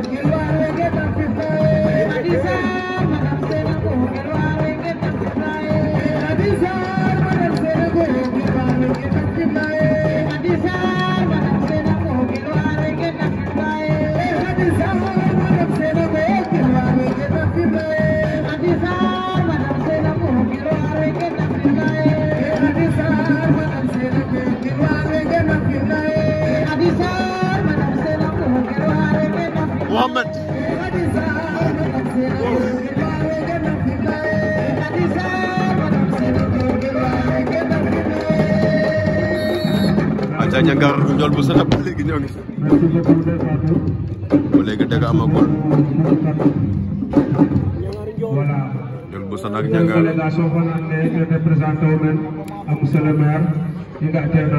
you gotta get up are a Muhammad. Aca Ndiangar Ndiol bu Sana ba léegi ñoo ngi ba léegi dëgg amagul Ndiol bu Sana ak Ndiangar délégation fanande nga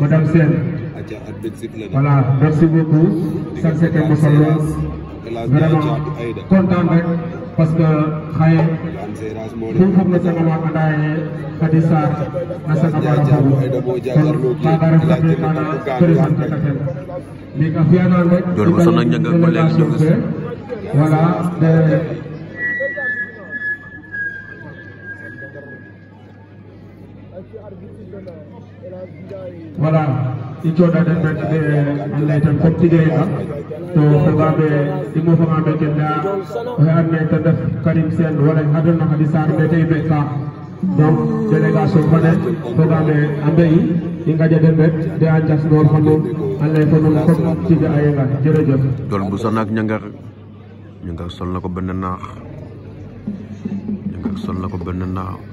madame voilà merci beaucoup. sant nañ ko solo vraiment kontaan rek parce que xaye fu mu foog na sanga waa andaaye Khady Sarr na sanga bara fogu kon kaagare sape mana président katatel mi ka fiyanaan rek i bañ voilà voilà i coɗaɗen ɓen ɓe annay tan fobtigoye kam to fogaɓe ɗimo fogaɓe kenda oxe annay ta def karim sen wala adona hadi sar ɓe tey ka donc délégation fane fogaɓe a mbeyi i gaƴaden ɓe de a jasnor fo nuun annay fo nuun fop tiga a yenga jerejef dol mbusanak ñangar sol sol